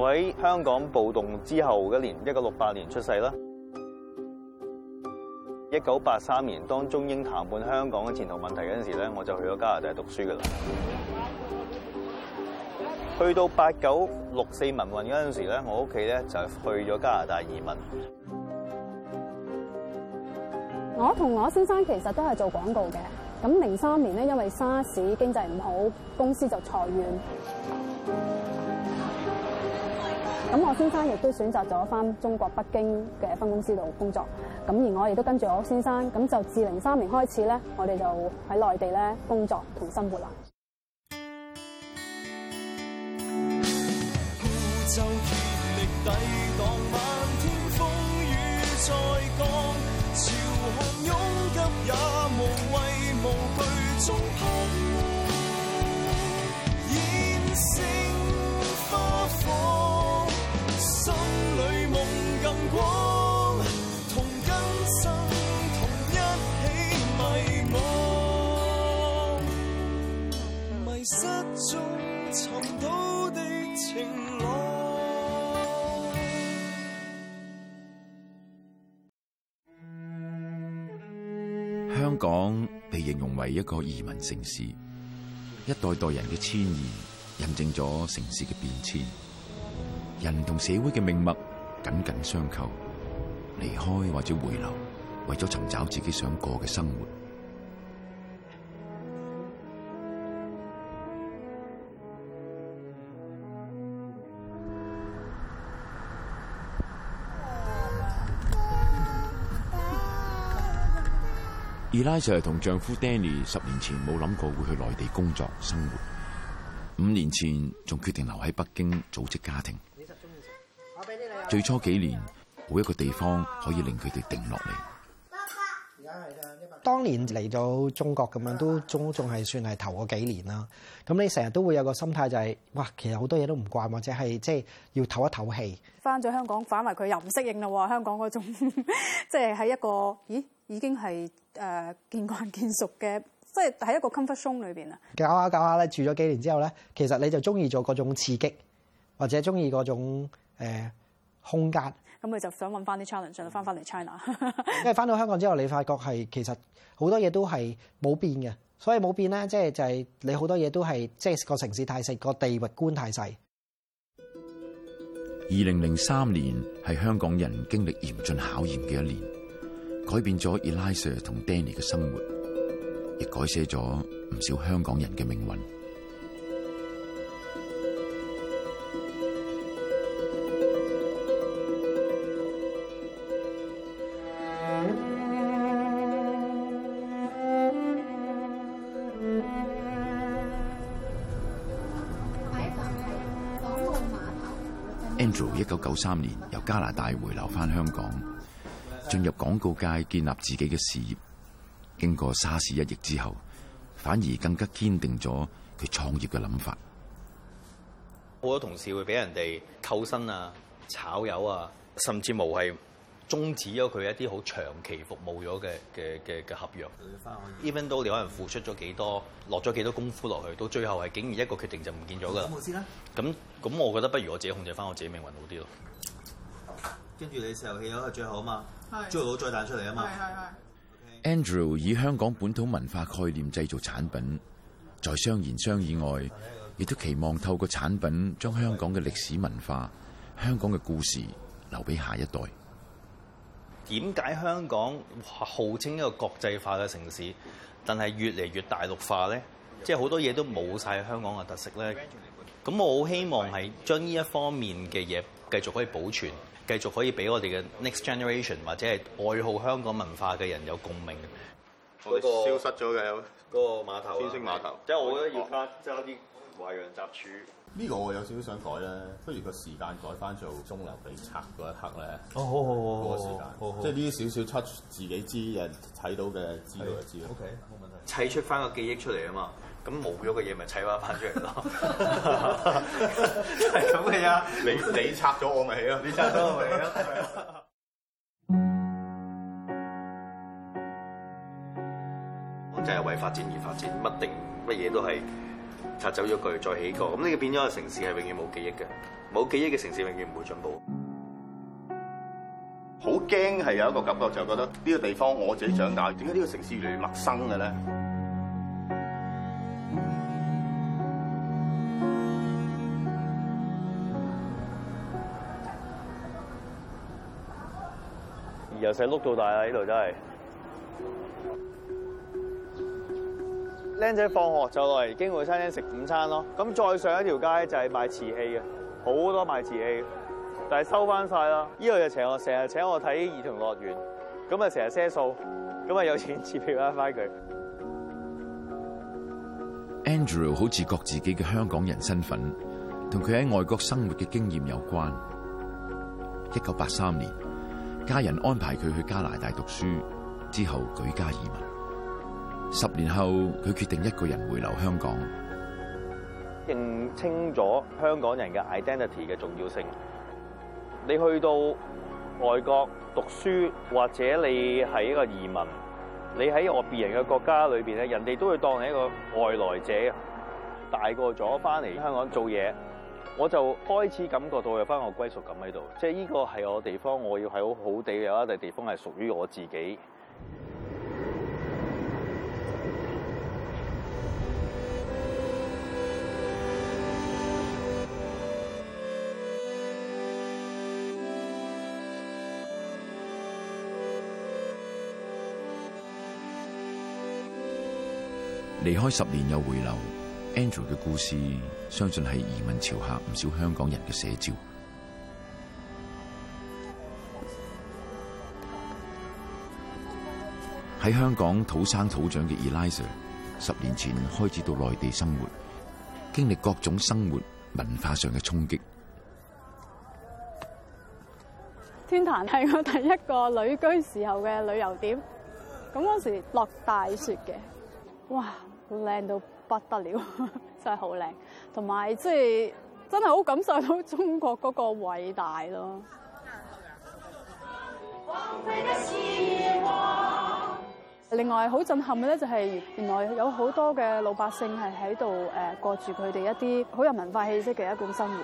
我喺香港暴動之後的一年，一九六八年出世啦。一九八三年當中英談判香港嘅前途問題嗰陣時咧，我就去咗加拿大讀書嘅啦。去到八九六四民運嗰時咧，我屋企咧就去咗加拿大移民。我同我先生其實都係做廣告嘅。咁零三年咧，因為沙士經濟唔好，公司就裁員。咁我先生亦都選擇咗返中國北京嘅分公司度工作，咁而我亦都跟住我先生，咁就自零三年開始咧，我哋就喺內地咧工作同生活啦。香港被形容為一個移民城市，一代代人嘅遷移，印證咗城市嘅變遷。人同社會嘅命脈緊緊相扣，離開或者回流，為咗尋找自己想過嘅生活。Eliza 就係同丈夫 Danny 十年前冇諗過會去內地工作生活，五年前仲決定留喺北京組織家庭。最初幾年每一個地方可以令佢哋定落嚟。當年嚟到中國咁樣都中，仲係算係頭嗰幾年啦。咁你成日都會有一個心態就係、是，哇，其實好多嘢都唔慣，或者係即係要唞一唞氣。翻咗香港反而佢又唔適應啦喎，香港嗰種即係喺一個咦？已經係誒見慣見熟嘅，即係喺一個 comfort zone 裏邊啊！搞下搞下咧，住咗幾年之後咧，其實你就中意咗嗰種刺激，或者中意嗰種、呃、空間。咁你就想揾翻啲 challenge，就翻返嚟 China。因為翻到香港之後，你發覺係其實好多嘢都係冇變嘅，所以冇變咧，即係就係、是、你好多嘢都係即係個城市太細，個地域觀太細。二零零三年係香港人經歷嚴峻考驗嘅一年。改變咗 Eliza 同 Danny 嘅生活，亦改寫咗唔少香港人嘅命運。 Andrew 一九九三年由加拿大回流返香港。進入廣告界建立自己嘅事業，經過沙士一役之後，反而更加堅定咗佢創業嘅諗法。好多同事會俾人哋扣薪啊、炒魷啊，甚至無係終止咗佢一啲好長期服務咗嘅嘅嘅嘅合約。even 都你可能付出咗幾多落咗幾多功夫落去，到最後係竟然一個決定就唔見咗㗎啦。冇啦。咁咁，我覺得不如我自己控制翻我自己命運好啲咯。跟住你候遊戲咯，最好啊嘛，最好再彈出嚟啊嘛。Andrew 以香港本土文化概念製造產品，在商言商以外，亦都期望透過產品將香港嘅歷史文化、的香港嘅故事留俾下一代。點解香港號稱一個國際化嘅城市，但係越嚟越大陸化呢？即係好多嘢都冇晒香港嘅特色呢。咁我好希望係將呢一方面嘅嘢繼續可以保存。繼續可以俾我哋嘅 next generation 或者係愛好香港文化嘅人有共鳴。嗰、嗰個、消失咗嘅，嗰個碼頭，啊。天星碼頭。即係我覺得而家即係嗰啲華洋雜處。呢個我有少少想改咧，不如個時間改翻做鐘樓被拆嗰一刻咧。哦，好好個時間好好。即係呢啲少少出自己知，有人睇到嘅知道就知道。O K，冇問題。砌出翻個記憶出嚟啊嘛。咁冇咗個嘢，咪砌翻返出嚟咯？係咁嘅呀！你你拆咗我咪起咯，你拆咗我咪起咯。我就係為發展而發展，乜定乜嘢都係拆走咗佢再起過。咁呢個變咗個城市係永遠冇記憶嘅，冇記憶嘅城市永遠唔會進步。好驚係有一個感覺，就係覺得呢個地方我自己長大，點解呢個城市越嚟越陌生嘅咧？由細碌到大啦，呢度真係。僆仔放學就落嚟京匯餐廳食午餐咯。咁再上一條街就係賣瓷器嘅，好多賣瓷器嘅，但係收翻晒啦。呢度就請我，成日請我睇兒童樂園。咁啊，成日賒數，咁啊，有錢接票拉翻佢。Andrew 好自覺自己嘅香港人身份同佢喺外國生活嘅經驗有關。一九八三年，家人安排佢去加拿大讀書，之後舉家移民。十年後，佢決定一個人回流香港，認清咗香港人嘅 identity 嘅重要性。你去到外國讀書，或者你係一個移民。你喺我別人嘅國家裏面，咧，人哋都會當你一個外來者。大個咗翻嚟香港做嘢，我就開始感覺到我有翻個歸屬感喺度。即係呢個係我地方，我要喺好好地有一笪地方係屬於我自己。離開十年又回流，Andrew 嘅故事相信係移民潮下唔少香港人嘅寫照。喺香港土生土長嘅 Eliza，十年前開始到內地生活，經歷各種生活文化上嘅衝擊。天壇係我第一個旅居時候嘅旅遊點，咁嗰時落大雪嘅，哇！靚到不得了，呵呵，真係好靚，同埋即係真係好感受到中國嗰個偉大咯。另外好震撼嘅咧，就係原來有好多嘅老百姓係喺度誒過住佢哋一啲好有文化氣息嘅一種生活。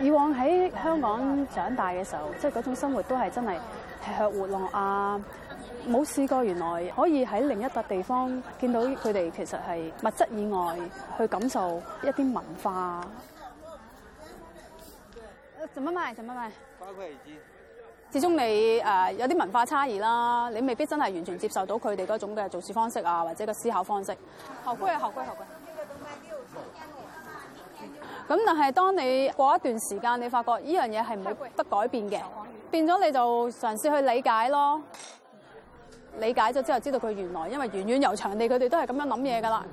以往喺香港長大嘅時候，即係嗰種生活都係真係。吃喝活樂啊！冇試過，原來可以喺另一笪地方見到佢哋，其實係物質以外，去感受一啲文化。怎麼咪？陳乜咪？包括而知，始終你誒有啲文化差異啦，你未必真係完全接受到佢哋嗰種嘅做事方式啊，或者個思考方式。後規係後區後區。咁但係當你過一段時間，你發覺呢樣嘢係冇得改變嘅，變咗你就嘗試去理解咯，理解咗之後知道佢原來因為源遠流長地佢哋都係咁樣諗嘢噶啦，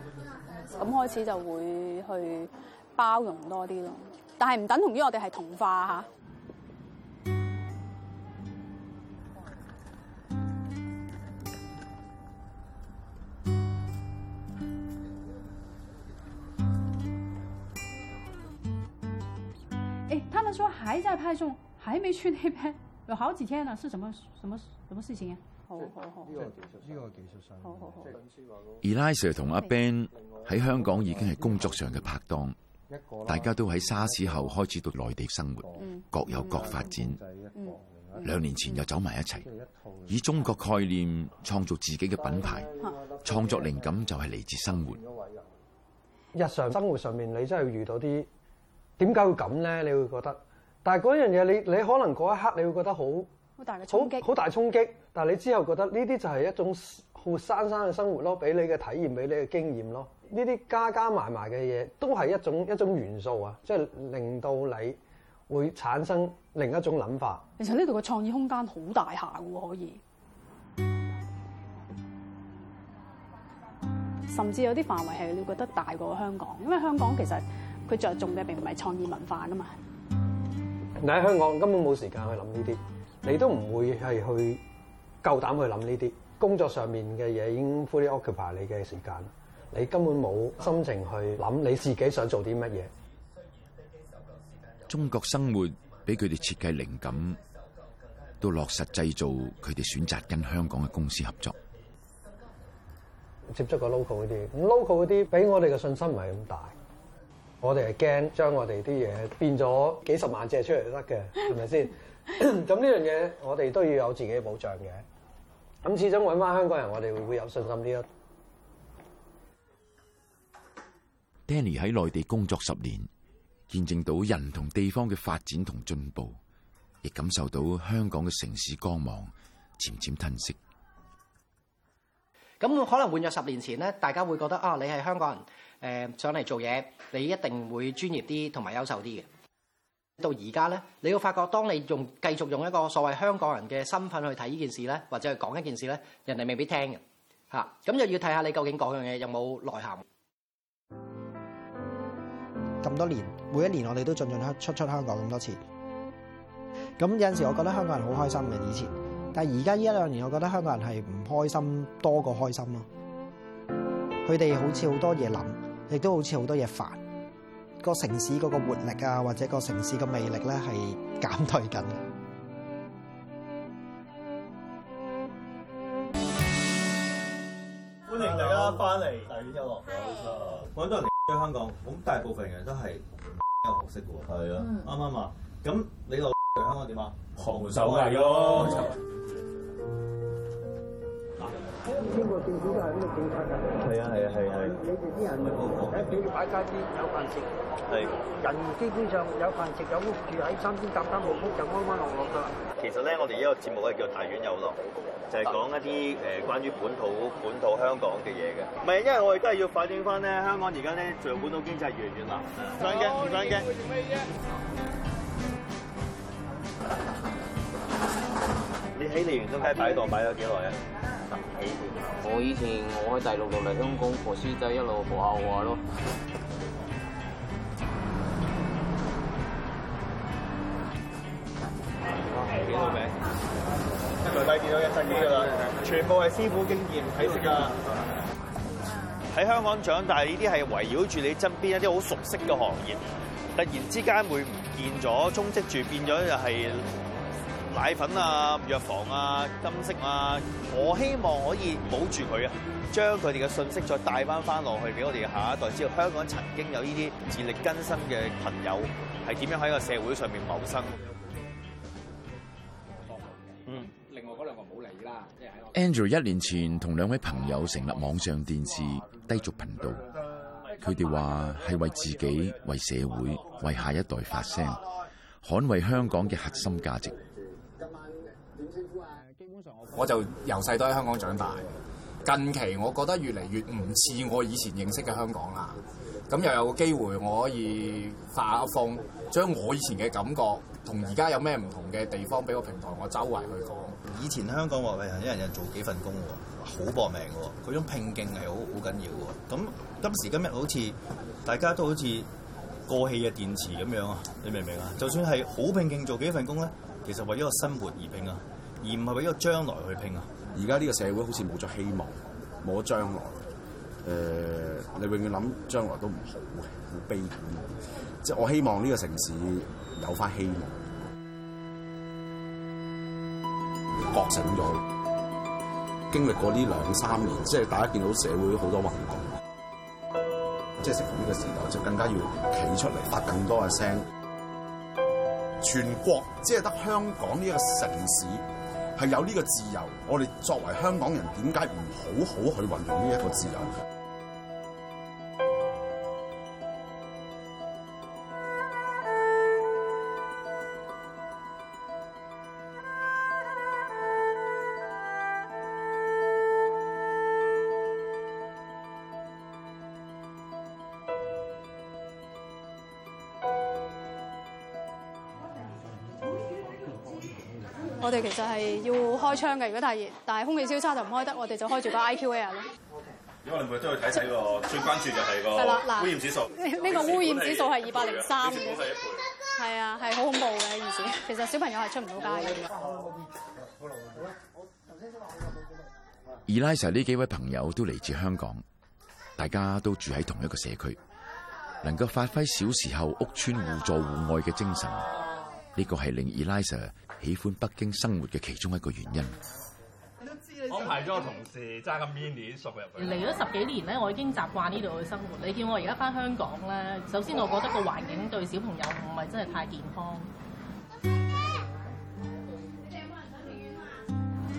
咁開始就會去包容多啲咯，但係唔等同於我哋係同化嚇。說還在派送，還沒去呢邊，有好幾天了，是什麼什麼什麼事情？啊？好好好，呢個技術呢個技術生，好好好。Eliza 同阿 Ben 喺香港已經係工作上嘅拍檔，大家都喺沙士後開始到內地生活，各有各發展。兩年前又走埋一齊，以中國概念創造自己嘅品牌，創作靈感就係嚟自生活。日常生活上面你真係遇到啲，點解會咁咧？你會覺得？但係嗰樣嘢，你你可能嗰一刻你會覺得好好大嘅衝擊，但係你之後覺得呢啲就係一種活生生嘅生活咯，俾你嘅體驗，俾你嘅經驗咯。呢啲加加埋埋嘅嘢，都係一種一種元素啊，即係令到你會產生另一種諗法。其實呢度嘅創意空間好大下㗎，可以，甚至有啲範圍係你覺得大過香港，因為香港其實佢着重嘅並唔係創意文化啊嘛。你喺香港根本冇時間去諗呢啲，你都唔會係去夠膽去諗呢啲工作上面嘅嘢已經 fully occupy 你嘅時間，你根本冇心情去諗你自己想做啲乜嘢。中國生活俾佢哋設計靈感，都落實製造佢哋選擇跟香港嘅公司合作。接觸過 local 啲，local 啲俾我哋嘅信心唔係咁大。我哋係驚將我哋啲嘢變咗幾十萬隻出嚟都得嘅，係咪先？咁呢 樣嘢我哋都要有自己嘅保障嘅。咁始終揾翻香港人，我哋會有信心啲咯。Danny 喺內地工作十年，見證到人同地方嘅發展同進步，亦感受到香港嘅城市光芒漸漸吞噬。咁可能換約十年前咧，大家會覺得啊，你係香港人。誒，上嚟做嘢，你一定會專業啲同埋優秀啲嘅。到而家呢，你要發覺，當你用繼續用一個所謂香港人嘅身份去睇呢件事呢，或者係講一件事呢，人哋未必聽嘅。嚇，咁又要睇下你究竟講樣嘢有冇內涵。咁多年，每一年我哋都進進出出香港咁多次。咁有陣時，我覺得香港人好開心嘅以前，但而家呢一兩年，我覺得香港人係唔開心多過開心咯。佢哋好似好多嘢諗。亦都好似好多嘢煩，個城市嗰個活力啊，或者個城市嘅魅力咧，係減退緊。Hello. 歡迎大家翻嚟大院音樂，好多 Hello. 人都嚟香港，咁大部分人都係有學識嘅喎，係、嗯、啊，啱啱啊？咁你老細香港點啊？學手藝、啊、咯。邊個政府都係咁嘅政策噶，係啊係啊係啊。你哋啲人冇錯，喺俾你擺街市有飯食，係人基本上有飯食有屋住，喺山邊搭間木屋就安安樂樂噶啦。其實咧，我哋呢個節目咧叫大院有浪，就係講一啲誒關於本土本土香港嘅嘢嘅。唔係，因為我哋都係要反映翻咧，香港而家咧做本土經濟越嚟越難。唔想驚，唔想驚。你喺利源中街擺檔擺咗幾耐啊？我以前我喺大陸度嚟香港，何師仔一路學下學下咯。幾多名？一嚟睇電腦一隻機㗎啦，全部係師傅經驗喺度㗎。喺香港長大，呢啲係圍繞住你身邊一啲好熟悉嘅行業，突然之間會唔見咗，充斥住變咗就係。奶粉啊、藥房啊、金色啊，我希望可以保住佢啊，將佢哋嘅信息再帶翻翻落去，俾我哋下一代知道。香港曾經有呢啲自力更生嘅朋友係點樣喺個社會上面謀生。嗯，另外嗰兩個冇理啦。Andrew 一年前同兩位朋友成立網上電視低俗頻道，佢哋話係為自己、 為社會、為下一代發聲， 捍衛香港嘅核心價值。我就由細都喺香港長大，近期我覺得越嚟越唔似我以前認識嘅香港啦。咁又有個機會我可以發下瘋，將我以前嘅感覺同而家有咩唔同嘅地方，俾個平台我周圍去講。以前香港話人一人人做幾份工，好搏命嘅，嗰種拼勁係好好緊要嘅。咁今時今日好似大家都好似過氣嘅電池咁樣啊，你明唔明啊？就算係好拼勁做幾份工咧，其實為咗個生活而拼啊！而唔係為咗將來去拼啊！而家呢個社會好似冇咗希望，冇咗將來。誒、呃，你永遠諗將來都唔好，好悲觀。即係我希望呢個城市有返希望，覺醒咗。經歷過呢兩三年，即係大家見到社會好多運動，即係成咗呢個時代，就更加要企出嚟發更多嘅聲。全國即係得香港呢一個城市。係有呢個自由，我哋作為香港人，點解唔好好去運用呢一個自由？我哋其實係要開窗嘅，如果太熱，但係空氣超差就唔開得。我哋就開住個 I Q Air 咯。好嘅，因為你每日都去睇睇個最關注就係個污染指數。呢個污染指數係二百零三嘅，係啊，係好恐怖嘅意思。以前，其實小朋友係出唔到街嘅。Eliza 呢幾位朋友都嚟自香港，大家都住喺同一個社區，能夠發揮小時候屋村互助互愛嘅精神，呢個係令 Eliza 喜歡北京生活嘅其中一個原因。我排咗個同事揸個 mini 入嚟。嚟咗十幾年咧，我已經習慣呢度嘅生活。你見我而家翻香港咧，首先我覺得個環境對小朋友唔係真係太健康。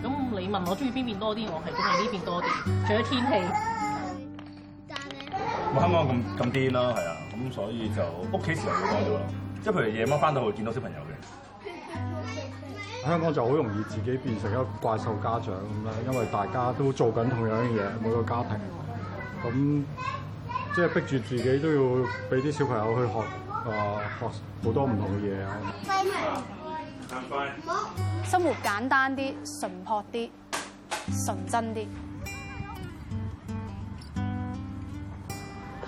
咁你問我中意邊邊多啲，我係中意呢邊多啲。除咗天氣，冇香港咁咁癲咯，係啊，咁、啊、所以就屋企時間會多咗咯。即係譬如夜晚翻到去見到小朋友。香港就好容易自己變成一個怪獸家長咁樣，因為大家都做緊同樣嘅嘢，每個家庭，咁即係逼住自己都要俾啲小朋友去學啊，學好多唔同嘅嘢啊。生活簡單啲，淳樸啲，純真啲。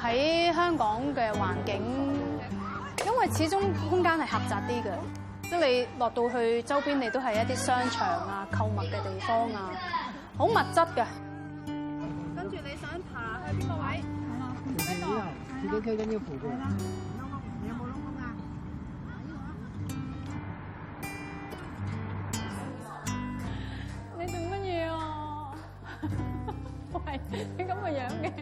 喺香港嘅環境，因為始終空間係狹窄啲嘅。即係你落到去周邊，你都係一啲商場啊、購物嘅地方啊，好物質㗎。跟住你想爬去邊個位？呢個呢個跟住扶住。你有冇窿窿啊？你做乜嘢啊？喂，你咁嘅樣嘅。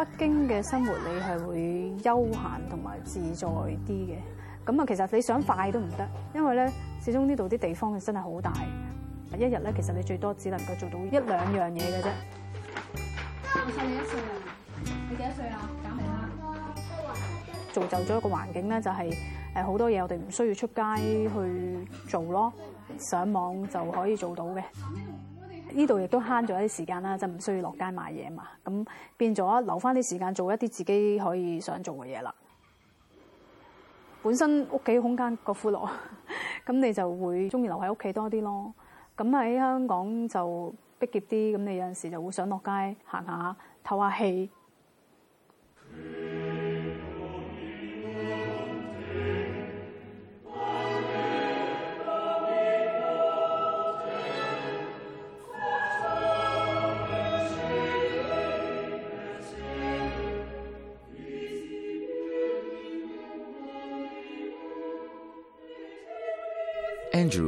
北京嘅生活你係會悠閒同埋自在啲嘅，咁啊其實你想快都唔得，因為咧始終呢度啲地方係真係好大，一日咧其實你最多只能夠做到一兩樣嘢嘅啫。我細你一歲啊，你幾多歲啊？減下。造就咗一個環境咧，就係誒好多嘢我哋唔需要出街去做咯，上網就可以做到嘅。呢度亦都慳咗一啲時間啦，就唔需要落街買嘢嘛，咁變咗留返啲時間做一啲自己可以想做嘅嘢啦。本身屋企空間個闊落，咁你就會鍾意留喺屋企多啲咯。咁喺香港就逼夾啲，咁你有陣時就會想落街行下透下氣。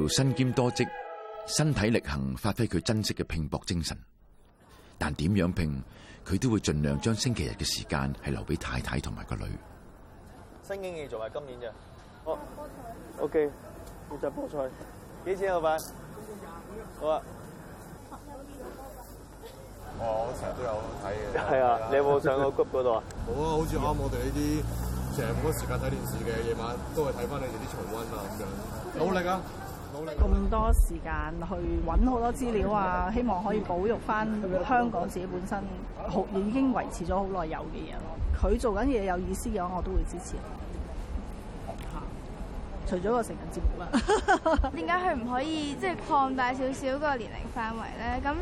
身兼多職，身體力行，發揮佢珍惜嘅拼搏精神。但點樣拼，佢都會盡量將星期日嘅時間係留俾太太同埋個女。新經濟仲係今年嘅。哦，O K，六隻菠菜，幾錢啊，老闆？好啊。我成日都有睇嘅。係啊，你有冇上過谷嗰度啊？好啊，好似啱我哋呢啲成日冇乜時間睇電視嘅，夜晚都係睇翻你哋啲重溫啊，咁樣努力啊！咁多時間去揾好多資料啊，希望可以保育翻香港自己本身好已經維持咗好耐有嘅嘢。佢做緊嘢有意思嘅話，我都會支持。嚇，除咗個成人節目啦、啊。點解佢唔可以即係、就是、擴大少少個年齡範圍咧？咁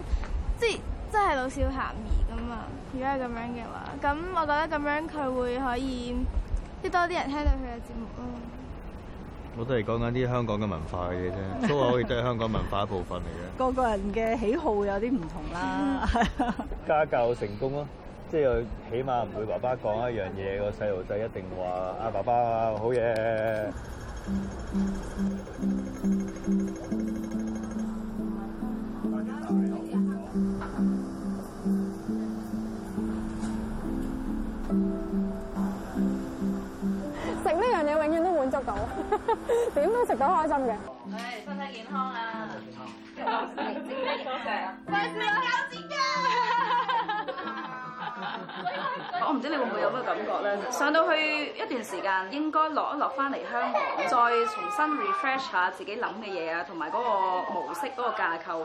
即係真係老少咸宜㗎嘛？如果係咁樣嘅話，咁我覺得咁樣佢會可以即多啲人聽到佢嘅節目咯。我都係講緊啲香港嘅文化嘅嘢啫，都係可以都係香港文化一部分嚟嘅。個個人嘅喜好有啲唔同啦，家教成功咯，即係起碼唔會爸爸講一樣嘢，個細路仔一定話啊，爸爸好嘢。食呢樣嘢永遠都滿足到。點都食到開心嘅，誒，身體健康啦，健康，快啲交錢啊！我唔知你會唔會有咩感覺咧？上到去一段時間，應該落一落翻嚟香港，再重新 refresh 下自己諗嘅嘢啊，同埋嗰個模式嗰個架構。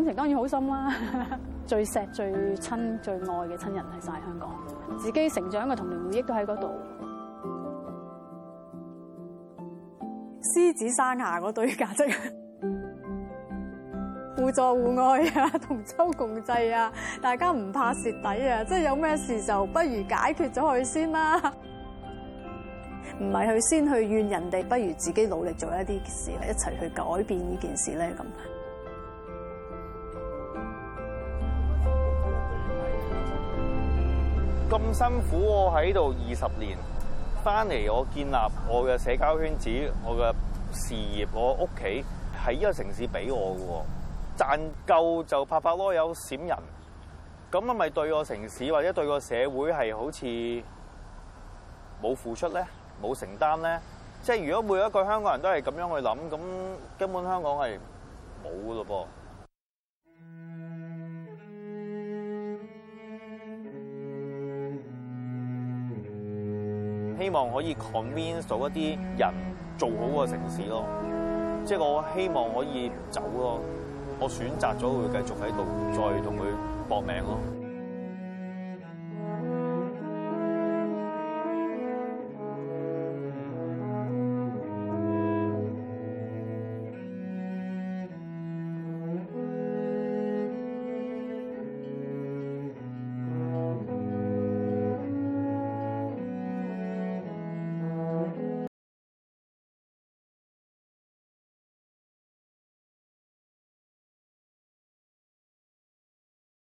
感情當然好深啦，最錫最親最愛嘅親人喺晒香港，自己成長嘅童年回憶都喺嗰度。獅子山下嗰對價值，互助互愛啊，同舟共濟啊，大家唔怕蝕底啊，即係有咩事就不如解決咗佢先啦。唔係佢先去怨人哋，不如自己努力做一啲事，一齊去改變呢件事咧咁。咁辛苦我喺度二十年，翻嚟我建立我嘅社交圈子、我嘅事業、我屋企喺呢個城市俾我喎。賺夠就拍拍籮柚閃人，咁我咪對個城市或者對個社會係好似冇付出咧，冇承擔咧。即係如果每一個香港人都係咁樣去諗，咁根本香港係冇嘅噃。希望可以 convince 到一啲人做好個城市咯，即係我希望可以走咯，我選擇咗會繼續喺度，再同佢搏命咯。